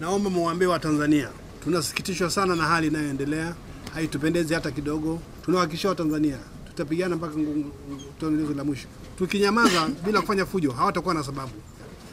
Naomba muwaambie Watanzania, tunasikitishwa sana na hali inayoendelea, haitupendezi hata kidogo. Tunawahakikishia Watanzania tutapigana mpaka tone la mwisho. Tukinyamaza bila kufanya fujo, hawatakuwa na sababu.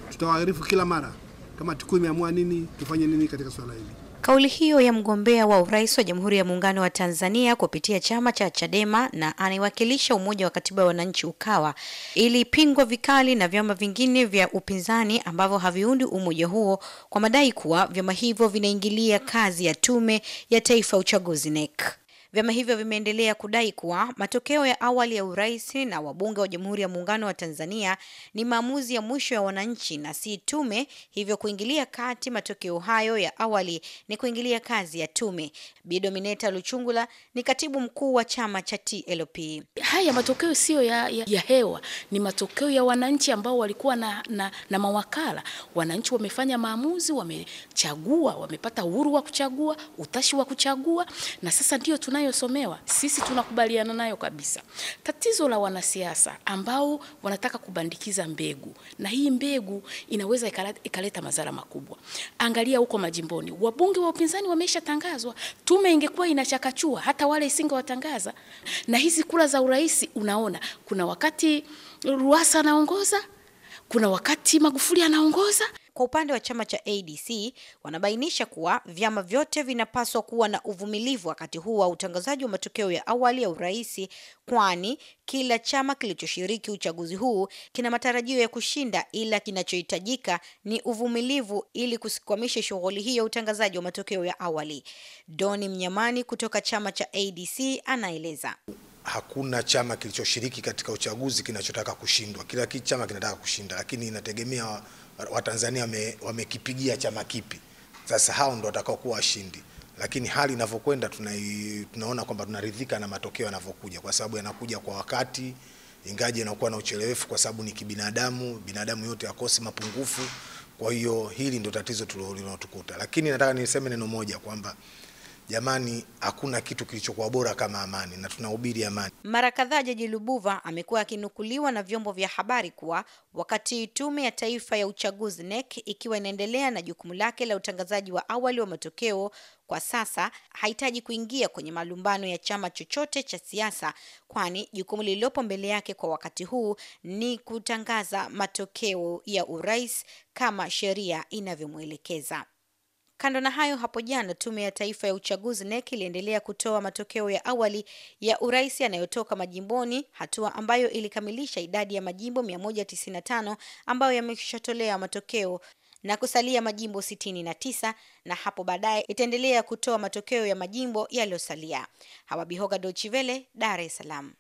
Tutawaarifu kila mara kama tukuu imeamua nini, tufanye nini katika swala hili. Kauli hiyo ya mgombea wa urais wa Jamhuri ya Muungano wa Tanzania kupitia chama cha Chadema na anayewakilisha Umoja wa Katiba ya Wananchi Ukawa ilipingwa vikali na vyama vingine vya upinzani ambavyo haviundi umoja huo kwa madai kuwa vyama hivyo vinaingilia kazi ya Tume ya Taifa ya Uchaguzi NEC. Vyama hivyo vimeendelea kudai kuwa matokeo ya awali ya urais na wabunge wa Jamhuri ya Muungano wa Tanzania ni maamuzi ya mwisho ya wananchi na si tume, hivyo kuingilia kati matokeo hayo ya awali ni kuingilia kazi ya tume. Bi Domineta Luchungula ni katibu mkuu wa chama cha TLP. Haya matokeo siyo ya, ya, ya hewa, ni matokeo ya wananchi ambao walikuwa na, na, na mawakala. Wananchi wamefanya maamuzi, wamechagua, wamepata uhuru wa kuchagua, utashi wa kuchagua, na sasa ndio tuna tunayosomewa sisi tunakubaliana nayo kabisa. Tatizo la wanasiasa ambao wanataka kubandikiza mbegu, na hii mbegu inaweza ikaleta madhara makubwa. Angalia huko majimboni, wabunge wa upinzani wameshatangazwa. Tume ingekuwa inachakachua hata wale isingewatangaza. Na hizi kura za urais, unaona kuna wakati Ruasa anaongoza kuna wakati Magufuli anaongoza. Kwa upande wa chama cha ADC wanabainisha kuwa vyama vyote vinapaswa kuwa na uvumilivu wakati huu wa utangazaji wa matokeo ya awali ya urahisi kwani kila chama kilichoshiriki uchaguzi huu kina matarajio ya kushinda, ila kinachohitajika ni uvumilivu ili kusikwamisha shughuli hii ya utangazaji wa matokeo ya awali. Doni Mnyamani kutoka chama cha ADC anaeleza hakuna chama kilichoshiriki katika uchaguzi kinachotaka kushindwa. Kila chama kinataka kushinda, lakini inategemea Watanzania wamekipigia wame chama kipi. Sasa hao ndo watakao kuwa washindi, lakini hali inavyokwenda tuna, tunaona kwamba tunaridhika na matokeo yanavyokuja, kwa sababu yanakuja kwa wakati, ingaje inakuwa na uchelewefu, kwa sababu ni kibinadamu. Binadamu yote akosi mapungufu. Kwa hiyo hili ndo tatizo tulilonatukuta, lakini nataka niseme neno moja kwamba Jamani, hakuna kitu kilichokuwa bora kama amani na tunahubiri amani. Mara kadhaa Jaji Lubuva amekuwa akinukuliwa na vyombo vya habari kuwa wakati Tume ya Taifa ya Uchaguzi NEC ikiwa inaendelea na jukumu lake la utangazaji wa awali wa matokeo, kwa sasa hahitaji kuingia kwenye malumbano ya chama chochote cha siasa, kwani jukumu lililopo mbele yake kwa wakati huu ni kutangaza matokeo ya urais kama sheria inavyomwelekeza. Kando na hayo, hapo jana Tume ya Taifa ya Uchaguzi NEC iliendelea kutoa matokeo ya awali ya urais yanayotoka majimboni, hatua ambayo ilikamilisha idadi ya majimbo 195 ambayo yameshatolea matokeo na kusalia majimbo 69 na hapo baadaye itaendelea kutoa matokeo ya majimbo yaliyosalia. Hawabihoga, Dochivele, Dar es Salaam.